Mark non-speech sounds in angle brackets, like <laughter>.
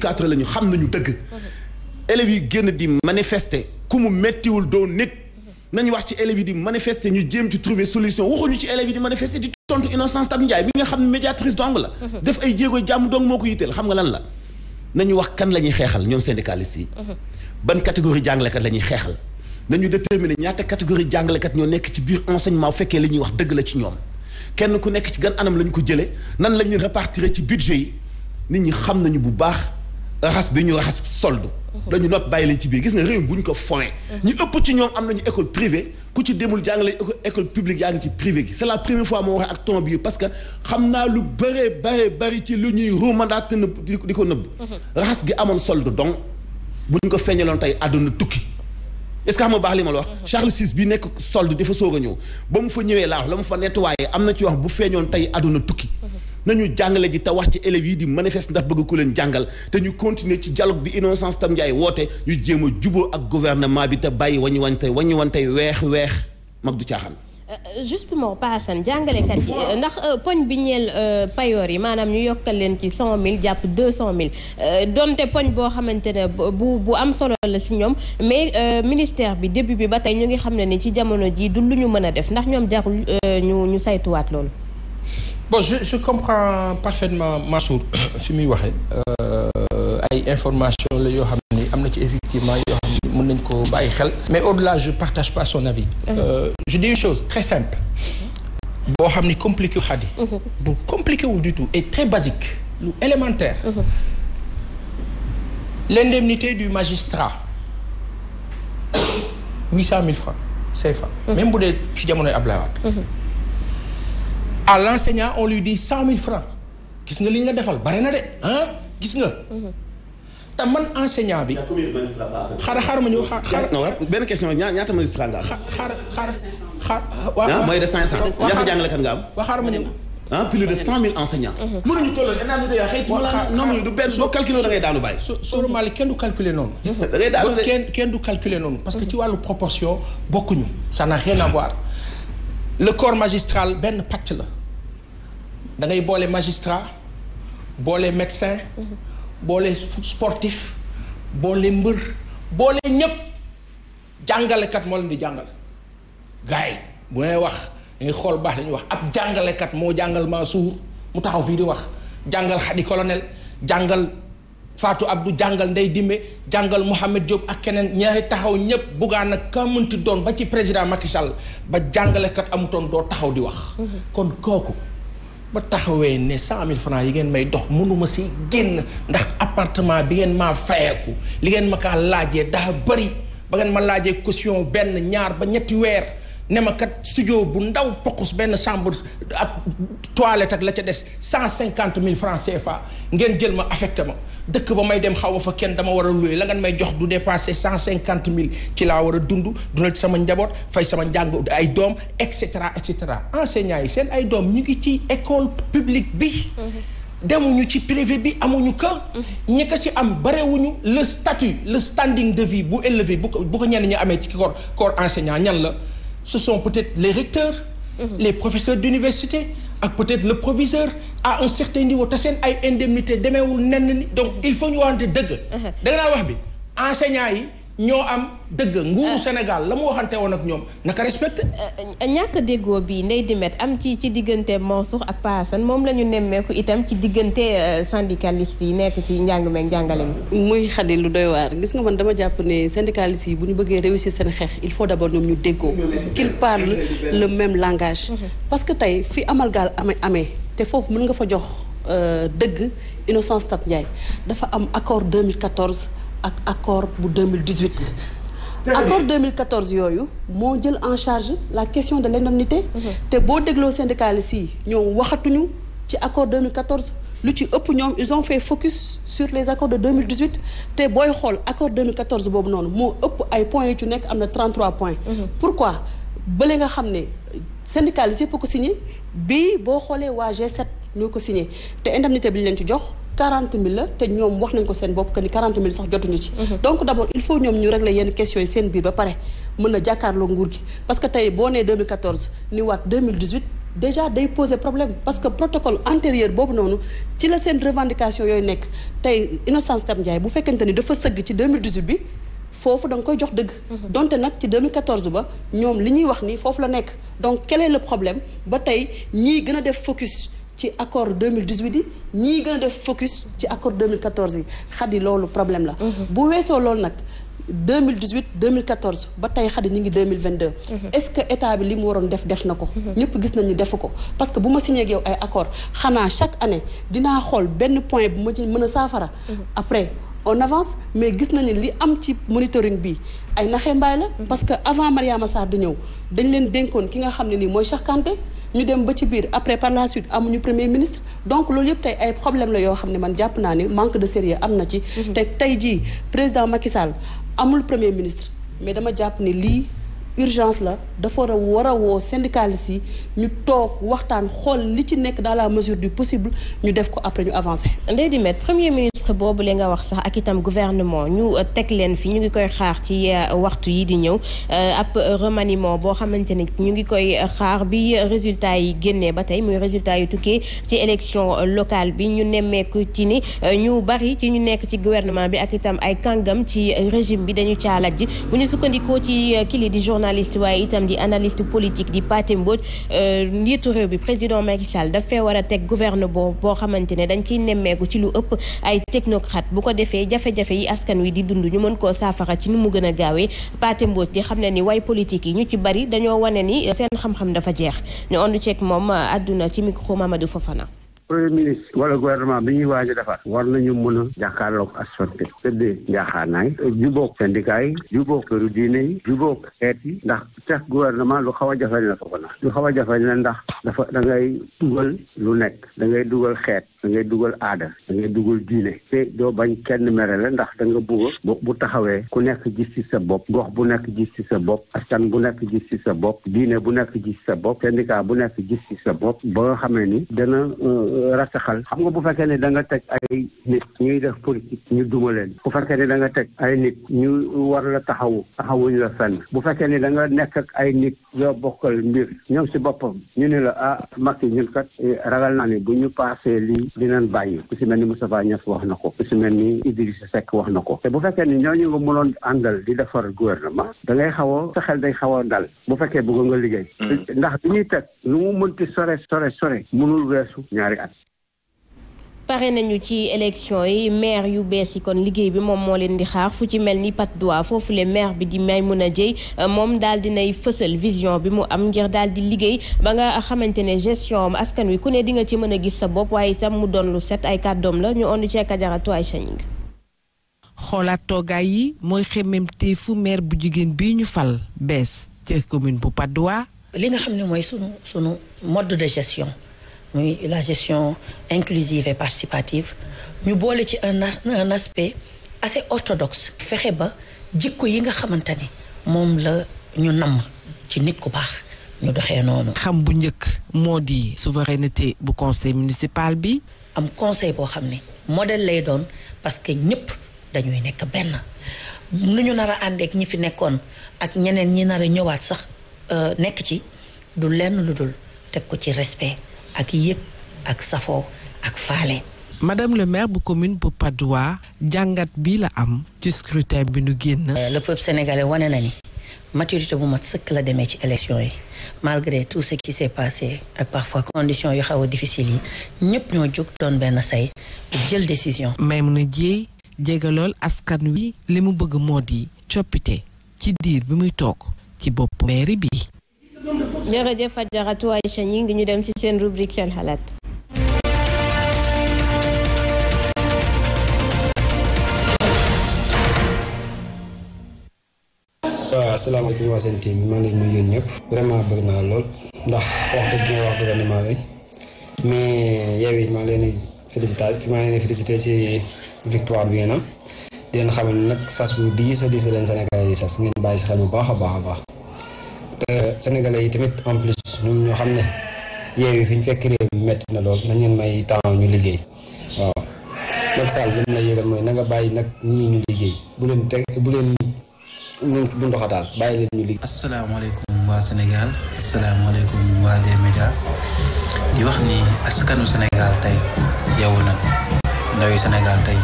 éducateur la ñu xam nañu dëgg élèves yi génn di manifester ku mu méttiwul doon nit nañu wax ci élèves yi di manifester ñu jéem ci trouver solution waxuñu ci élèves yi di manifester di tontu Innocence Ntap Ndiaye bi nga xam ne médiatrice dong la mhm. def ay jéego jàmm dong moo ko yitteel xam nga lan la wax kan la xeexal ñoom syndicalistes yi mhm. ban catégorie jàngalekat la xeexal nañu déterminer ñaata catégorie jàngalekat ñoo nekk ci biir enseignement bu fekkee li raxas bi ñu raxas soldu dañu nopp bàyyi leen ci biir gis nga réew bu ñu ko fowee ñu ëpp ci ñoom am nañu école privée ku ci demul jàngale école publique yaa ngi ci privé gi c'est la première fois moo wax ak ton bi parce que xam naa lu bëree bëree bëri ci lu ñuy ruumandaat te nëbb di ko nëbb raxas gi amoon solde donc bu ñu ko feeñaloon tey àdduna tukki est-ce que xam baax li ma la wax Charles VI bi nekk solde dafa soog a ñëw ba mu fa ñëwee laa wax la mu fa nettoyé am na ci wax bu feeñoon tey àdduna tukki nañu jàngale ji te wax ci élèves yi di manifeste ndax bëgg ku leen jàngal te ñu continuer ci dialogue bi innocence tam njaay woote ñu jéem a juboo ak gouvernement bi te bàyyi wañu wante wañu wante weex weex mag du caaxaan euh, euh, justement paasan jàngalekat yi euh, ndax poñ bi ñeel payoor yi maanaam ñu yokkal leen ci cent mille jàpp deux cent mille donte poñ boo xamante ne bu bu am solo la si ñoom mais ministère bi début bi ba tey ñu ngi xam ne ni ci jamono ji du lu ñu mën a def ndax ñoom jarul ñu ñu saytuwaat loolu bon je je comprends parfaitement Mansour <coughs> fi muy waxee euh, ay information la yoo xam ni am na ci effectivement yoo xam ni mën nañ ko bàyyi xel mais au-delà je partage pas son avis mhm. euh, je dis une chose très simple boo xam ni compliquer wu xadi mhm. bu compliqué wul du tout et très basique élémentaire mhm. l'indemnité du magistrat huit cent mille francs CFA même bu dee ci jamonoy Abdoulaye Wade à l'enseignant on lui dit cent francs gis nga li ñu la defal bari na de ah gis nga. te man enseignant bi. xaaral xaaral ma ñëw xaaral. non benn question ñaata ñaata jàngalekat nga am. waaw xaaral ma ñëw. ah plus de cent mille enseignants. Mhm. mënuñu toll rek énaam yaa ah, xëy. nombre kenn du calculer noonu. <laughs> da ngay daanu de kenn kenn du calculer noonu. parce que ci wàllu proportion bokkuñu. ça n'a rien à le corps magistral benn pàcc la. da ngay boole magistrat boole médecin boole sportif boole mbër boole ñépp jàngalekat moo leen di jàngal gars yi bu ngay wax dangay xool baax dañuy wax ab jàngalekat moo jàngal Mansour mu taxaw fii di wax jàngal Khady Colonel jàngal Fatou Abdou jàngal Ndeye Dime jàngal Mouhamed Diop ak keneen ñaari taxaw ñépp buggaan ak ka mënti doon ba ci président Macky ba jàngalekat amutoon doo taxaw di wax mhm. kon kooku ba taxawee ne cent mille francs yi ngeen may dox mënuma si génn ndax appartement bi ngeen maa fayeeku li ngeen ma kaa laajee daa bëri ba ngeen ma laajee costion benn ñaar ba ñetti weer ne ma kat studio bu ndaw pokus benn chambre ak toilette ak la ca des cent cinquante mille francs CFA ngeen jël ma affecté ma dëkk ba may dem xaw ma fa kenn dama war a luye la ngeen may jox du dépassé cent cinquante mille ci laa war a dund dundal sama njaboot fay sama njàng ay doom et cetera et cetera enseignants yi seen ay doom ñu ngi ci école publique bi. Mm-hmm. demuñu ci privé bi amuñu kër. Mm-hmm. ñi ko si am barewuñu le statut le standing de vie bu élevé bu ko bu ko ñenn ñi amee ci corps corps enseignant ñan la ce son peut-être les recteurs. Mm-hmm. les professeurs d'université ak peut-être le proviseur. à un certain niveau te seen ay indemnité demeewul nenn ni donc il faut ñu waxante dëgg mhm. da nga naan wax bi enseignants yi ñoo am dëgg ah. nguuru Sénégal la mu waxante woon ak ñoom naka respecté euh, ñàkk déggoo bi Ndeye Dimet am ci ci diggante Mansour ak Pa Assane moom la ñu nemmeeku itam ci diggante euh, syndicaliste yi nekk ci njàng meeg njàngale mi muy xadi lu doy waar gis nga man dama jàpp ne syndicaliste yi bu ñu bëggee réussir seen xeex il faut d'abord ñoom ñu déggoo qu'ils parlent le même langage mhm. parce que tey fi amalgaal amee amee te foofu mën nga fa jox euh, dëgg Innocence Ntap Ndiaye dafa am accord 2014 ak accord bu 2018. accord 2014 yooyu moo jël en charge la question de l'indemnité mhm. te boo dégloo syndicalistes yi ñoom waxatuñu ci accord 2014 lu ci ëpp ñoom ils ont fait focus sur les accords de 2018 te booy xool accord 2014 boobu noonu moo ëpp ay point yu ci nekk am na 33 points mhm. pourquoi bële nga xam ne syndicalistes yëpp ko signé bii boo xoolee waa G7 ñoo ko signé te indemnité bi ñu leen ci jox 40 000 la te ñoom wax nañ ko seen bopp que ni 40 000 sax jotuñu ci. Mhm. donc d' il faut ñoom ñu régler yenn questions yi seen biir ba pare mën a jàkkaarloo nguur gi parce que tey boo nee 2014 ni waat 2018. déjà day poser problème parce que protocole antérieur boobu noonu ci la seen revendication yooyu nekk tey Innocence Ntap Ndiaye bu fekkente ni dafa sëgg ci 2018 bi foofu da koy jox dëgg. donte nag ci 2014 ba ñoom li ñuy wax nii foofu la nekk donc quel est problème ba tey ñii gën a def focus ci accord 2018 yi ñii gën a def focus ci accord 2014 yi xaddi loolu problème la. Mhm. bu weesoo loolu nag. 2018 2014 ba tey xadi ñu ngi 2022. Mhm. est-ce que état bi li mu waroon def def na ko. Mhm. ñëpp gis nañu defu ko parce que bu ma si ak yow ay accord xanaa chaque année dinaa xool benn point bu ma ci mën a saafara. après. on avance mais gis nañu li am ci monitoring bi ay naxe mbaay la parce que avant Mariama Sarr di ñëw dañ leen dénkoon ki nga xam ne nii mooy Cheikh ñu dem ba ci biir après par la suite amuñu premier ministre donc loolu yëpp tey ay problème la yoo xam ne man jàpp naa ni manque de sérieux am na ci mhm. te tey jii président Macky Sall amul premier ministre mais dama jàpp ni lii urgence la dafa war a war a woo syndicalistes yi ñu toog waxtaan xool li ci nekk dans la mesure du possible ñu def ko après ñu avancer. poste boobu la nga wax sax ak itam gouvernement ñu euh, teg leen fi ñu ngi koy xaar ci euh, waxtu yi di ñëw euh, ab remaniement boo xamante ni ñu ngi koy xaar bi résultat yi génnee ba tey muy résultat yu tukkee ci élection locale bi ñu nemmeeku ci ni ñu bari ci ñu nekk ci gouvernement bi ak itam ay kàngam ci régime bi dañu caalat ji bu ñu sukkandikoo ci kili di journaliste waaye itam di analyste politique di Pathé Mbodj njiitu réew bi président Macky Sall dafee war a teg technocrate bu ko defee jafe yi askan wi di dund ñu mën koo saafara ci nu mu gën a gaawee Pathé Mbodj di xam ne ni way politique yi ñu ci bari dañoo wane ni seen xam-xam dafa jeex ñu ondu ceeg moom àdduna ci micro Mamadou Fofana. premier ministre wala gouvernement bi ñuy waaj a defar war nañu mën a jàkkaarloog askan bi tëddee njaaxaanaay jubóog syndicat yi kër këru diine yi jubóog xeet yi ndax teg gouvernement lu xaw a jafe la ko na lu xaw a jafe la ndax dafa da ngay dugal lu nekk da ngay dugal xeet da ngay dugal aada da ngay dugal diine te doo bañ kenn mere la ndax da nga bëgg bu bu taxawee ku nekk gis ci sa bopp gox bu nekk gis ci sa bopp askan bu nekk gis ci sa bopp diine bu nekk gis ci sa bopp syndicat bu nekk gis ci sa bopp ba nga xamee ni dana euh, rasaxal xam nga bu fekkee ne da nga teg ay nit ñuy def politique ñu duma leen bu fekkee ne da nga teg ay nit ñu war la taxawu taxawuñ la fenn bu fekkee ni da nga nekk ak ay nit yoo bokkal mbir ñoom si boppam ñu ne la ah dinañ bàyyi ku si mel ni Moustapha Niass wax na ko ku si mel ni Idrissa Seck wax na ko te bu fekkee ni ñooñu nga mënoon àndal di defar gouvernement da ngay a sa xel day xaw a dal bu fekkee bëgg nga liggéey mm. ndax bi ñuy teg nu mu mënti sore sore sore mënul weesu ñaari at pare nañu ci élection yi maire yu bees yi kon liggéey bi moom moo leen di xaar fu ci mel ni Patte dois foofu le maire bi di a Dièye euh, moom daal dinay fësal vision bi mu am ngir daal di liggéey ba nga xamante ne gestion askan wi ku ne di nga ci mën a gis sa bopp waaye itam mu doon lu set ay kàddoom la ñu on ci Kajara Touay Chaning xoolaat toogaay yi mooy xemmem teefu maire bu jigéen bi ñu fal bees ci commune bu Patte d'Oie li nga xam ne mooy sunu sunu mode de gestion muy la gestion inclusive et participative ñu boole ci un un aspect assez fexe ba jikko yi nga xamante ni moom la ñu namm ci nit ku baax ñu doxee noonu. xam bu njëkk moo di souveraineté bu conseil municipal bi. am conseil boo xam ne modèle lay doon parce que ñëpp dañuy nekk benn nu ñu nar a àndeek ñi fi nekkoon ak ñeneen ñi nar a ñëwaat sax euh, nekk ci du lenn lu dul teg ko ci respect. ak yëg ak safoo ak faale. madame le maire bu commune bu Patte jàngat bi la am ci scrutin bi nu génn. Euh, le peuple sénégalais wane na ni maturité bu mat sëkk la demee ci élection yi malgré tout ce qui s'est passé ak parfois conditions yu xaw a difficile yi ñëpp ñoo jog doon benn say jël décision. Maimouna Dièye jege lool askan wi li mu bëgg moo di coppite ci diir bi muy toog ci bopp mairie bi. jërëjëf Adjaratou Aïcha ñi ngi ñu dem ci seen rubrique seen xalaat. waa asalaamaaleykum waa seen team maa ngi leen di nuyu ñëpp vraiment bëgg naa lool ndax wax dëgg nga wax gouvernement bi mais yow it maa ngi leen di félicité fi maa ngi leen di félicité ci victoire bi ngeen am di nag sas bu diis a diis leen Sénégal yi sas ngeen bàyyi si xel bu baax a baax a baax. te sénégalais yi tamit en plus ñun ñoo xam ne yeewi fi ñu fekk réew mi métti na lool nañ leen may temps ñu liggéey waaw Macky Sall li la yégal mooy na bàyyi nag ñii ñu liggéey bu leen teg bu leen bàyyi leen ñu liggéey. asalaamaaleykum waa Sénégal asalaamaaleykum waa des médias di wax ni askanu Sénégal tey yow na ndawi Sénégal tey.